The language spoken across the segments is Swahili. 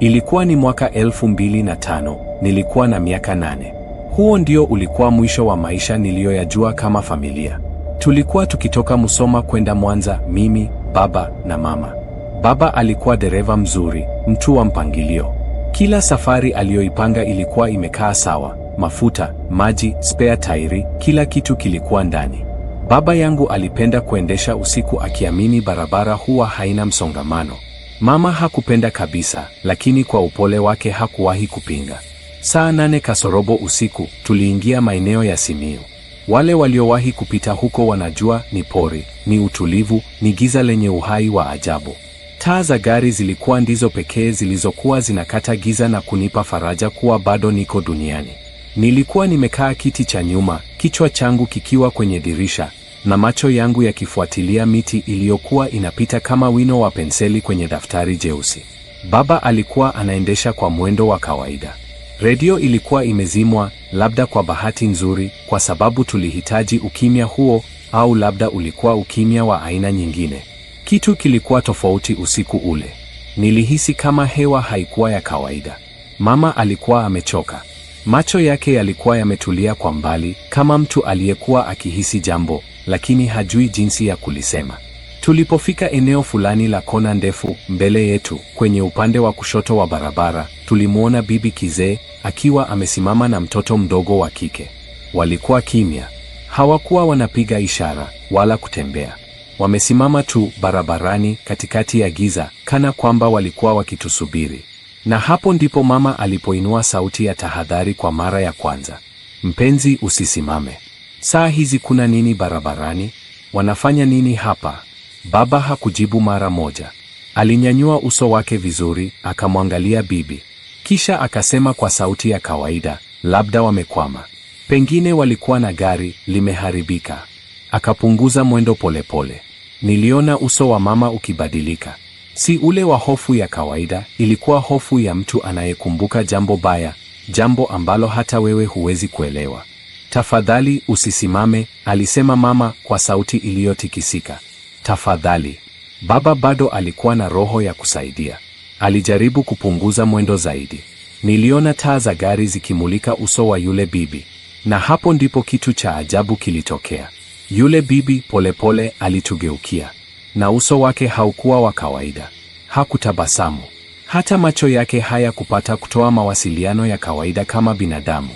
Ilikuwa ni mwaka elfu mbili na tano, nilikuwa na miaka nane. Huo ndio ulikuwa mwisho wa maisha niliyoyajua kama familia. Tulikuwa tukitoka Musoma kwenda Mwanza, mimi, baba na mama. Baba alikuwa dereva mzuri, mtu wa mpangilio. Kila safari aliyoipanga ilikuwa imekaa sawa, mafuta, maji, spare tairi, kila kitu kilikuwa ndani. Baba yangu alipenda kuendesha usiku akiamini barabara huwa haina msongamano. Mama hakupenda kabisa, lakini kwa upole wake hakuwahi kupinga. Saa nane kasorobo usiku tuliingia maeneo ya simiu Wale waliowahi kupita huko wanajua ni pori, ni utulivu, ni giza lenye uhai wa ajabu. Taa za gari zilikuwa ndizo pekee zilizokuwa zinakata giza na kunipa faraja kuwa bado niko duniani. Nilikuwa nimekaa kiti cha nyuma, kichwa changu kikiwa kwenye dirisha, na macho yangu yakifuatilia miti iliyokuwa inapita kama wino wa penseli kwenye daftari jeusi. Baba alikuwa anaendesha kwa mwendo wa kawaida. Redio ilikuwa imezimwa, labda kwa bahati nzuri, kwa sababu tulihitaji ukimya huo, au labda ulikuwa ukimya wa aina nyingine. Kitu kilikuwa tofauti usiku ule. Nilihisi kama hewa haikuwa ya kawaida. Mama alikuwa amechoka. Macho yake yalikuwa yametulia kwa mbali, kama mtu aliyekuwa akihisi jambo, lakini hajui jinsi ya kulisema. Tulipofika eneo fulani la kona ndefu mbele yetu, kwenye upande wa kushoto wa barabara, tulimwona bibi kizee akiwa amesimama na mtoto mdogo wa kike. Walikuwa kimya, hawakuwa wanapiga ishara wala kutembea. Wamesimama tu barabarani katikati ya giza, kana kwamba walikuwa wakitusubiri. Na hapo ndipo mama alipoinua sauti ya tahadhari kwa mara ya kwanza. Mpenzi, usisimame. Saa hizi kuna nini barabarani? Wanafanya nini hapa? Baba hakujibu mara moja. Alinyanyua uso wake vizuri, akamwangalia bibi. Kisha akasema kwa sauti ya kawaida, labda wamekwama. Pengine walikuwa na gari limeharibika. Akapunguza mwendo polepole. Niliona uso wa mama ukibadilika. Si ule wa hofu ya kawaida, ilikuwa hofu ya mtu anayekumbuka jambo baya, jambo ambalo hata wewe huwezi kuelewa. Tafadhali usisimame, alisema mama kwa sauti iliyotikisika. Tafadhali. Baba bado alikuwa na roho ya kusaidia. Alijaribu kupunguza mwendo zaidi. Niliona taa za gari zikimulika uso wa yule bibi, na hapo ndipo kitu cha ajabu kilitokea. Yule bibi polepole pole alitugeukia na uso wake haukuwa wa kawaida. Hakutabasamu, hata macho yake hayakupata kutoa mawasiliano ya kawaida kama binadamu.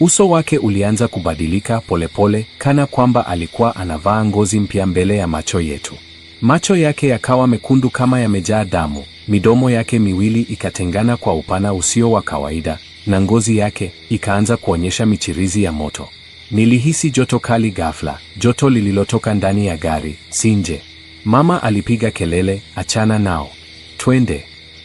Uso wake ulianza kubadilika polepole, kana kwamba alikuwa anavaa ngozi mpya mbele ya macho yetu. Macho yake yakawa mekundu kama yamejaa damu, midomo yake miwili ikatengana kwa upana usio wa kawaida, na ngozi yake ikaanza kuonyesha michirizi ya moto. Nilihisi joto kali ghafla, joto lililotoka ndani ya gari, si nje. Mama alipiga kelele, achana nao, twende.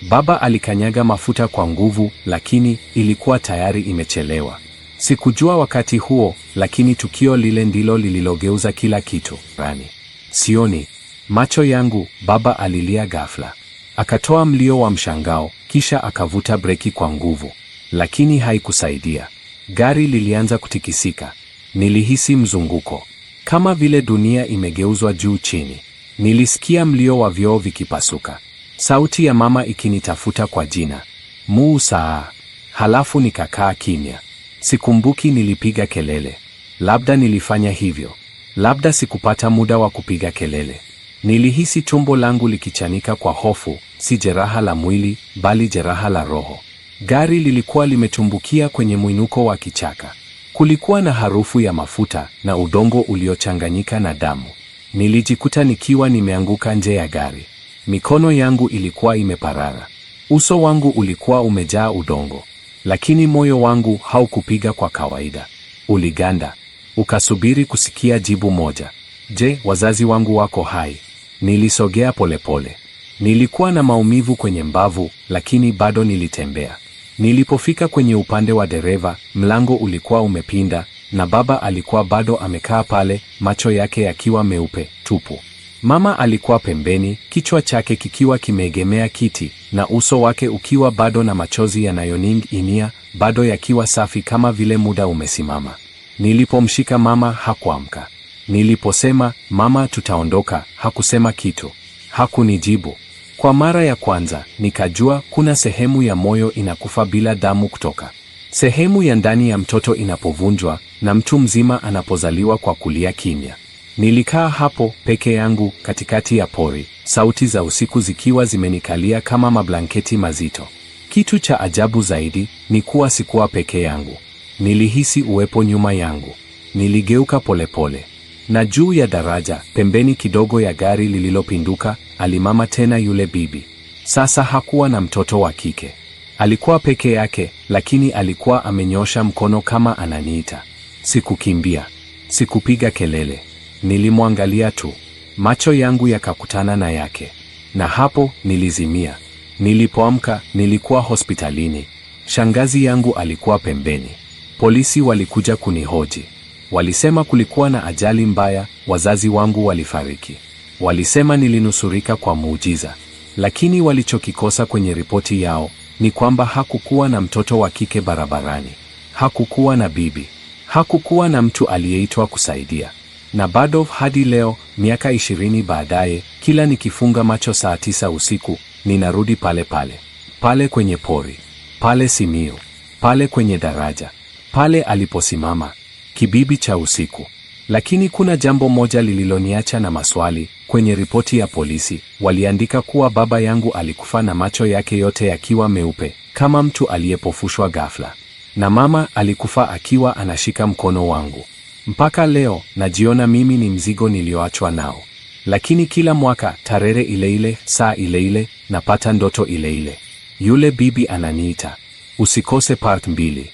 Baba alikanyaga mafuta kwa nguvu, lakini ilikuwa tayari imechelewa. Sikujua wakati huo, lakini tukio lile ndilo lililogeuza kila kitu. Rani, sioni macho yangu, baba alilia ghafla. Akatoa mlio wa mshangao, kisha akavuta breki kwa nguvu, lakini haikusaidia. Gari lilianza kutikisika. Nilihisi mzunguko, kama vile dunia imegeuzwa juu chini. Nilisikia mlio wa vyoo vikipasuka, sauti ya mama ikinitafuta kwa jina Musa. Halafu nikakaa kimya. Sikumbuki nilipiga kelele, labda nilifanya hivyo, labda sikupata muda wa kupiga kelele. Nilihisi tumbo langu likichanika kwa hofu, si jeraha la mwili, bali jeraha la roho. Gari lilikuwa limetumbukia kwenye mwinuko wa kichaka. Kulikuwa na harufu ya mafuta na udongo uliochanganyika na damu. Nilijikuta nikiwa nimeanguka nje ya gari. Mikono yangu ilikuwa imeparara, uso wangu ulikuwa umejaa udongo, lakini moyo wangu haukupiga kwa kawaida. Uliganda, ukasubiri kusikia jibu moja. Je, wazazi wangu wako hai? Nilisogea polepole. Nilikuwa na maumivu kwenye mbavu, lakini bado nilitembea. Nilipofika kwenye upande wa dereva, mlango ulikuwa umepinda na baba alikuwa bado amekaa pale, macho yake yakiwa meupe tupu. Mama alikuwa pembeni, kichwa chake kikiwa kimeegemea kiti na uso wake ukiwa bado na machozi yanayoning'inia, bado yakiwa safi kama vile muda umesimama. Nilipomshika mama hakuamka. Niliposema, mama, tutaondoka, hakusema kitu, hakunijibu. Kwa mara ya kwanza nikajua kuna sehemu ya moyo inakufa bila damu kutoka. Sehemu ya ndani ya mtoto inapovunjwa na mtu mzima anapozaliwa kwa kulia kimya. Nilikaa hapo peke yangu katikati ya pori, sauti za usiku zikiwa zimenikalia kama mablanketi mazito. Kitu cha ajabu zaidi ni kuwa sikuwa peke yangu. Nilihisi uwepo nyuma yangu. Niligeuka polepole pole. Na juu ya daraja pembeni kidogo ya gari lililopinduka, alimama tena yule bibi. Sasa hakuwa na mtoto wa kike. Alikuwa peke yake, lakini alikuwa amenyosha mkono kama ananiita. Sikukimbia, sikupiga kelele, nilimwangalia tu. Macho yangu yakakutana na yake, na hapo nilizimia. Nilipoamka nilikuwa hospitalini. Shangazi yangu alikuwa pembeni. Polisi walikuja kunihoji, walisema kulikuwa na ajali mbaya, wazazi wangu walifariki. Walisema nilinusurika kwa muujiza, lakini walichokikosa kwenye ripoti yao ni kwamba hakukuwa na mtoto wa kike barabarani, hakukuwa na bibi, hakukuwa na mtu aliyeitwa kusaidia. Na bado hadi leo, miaka ishirini baadaye, kila nikifunga macho saa tisa usiku, ninarudi pale pale, pale kwenye pori, pale Simiyu, pale kwenye daraja, pale aliposimama kibibi cha usiku. Lakini kuna jambo moja lililoniacha na maswali Kwenye ripoti ya polisi, waliandika kuwa baba yangu alikufa na macho yake yote yakiwa meupe kama mtu aliyepofushwa ghafla, na mama alikufa akiwa anashika mkono wangu. Mpaka leo najiona mimi ni mzigo nilioachwa nao, lakini kila mwaka tarehe ile ile, saa ile ile, napata ndoto ile ile, yule bibi ananiita, usikose part mbili.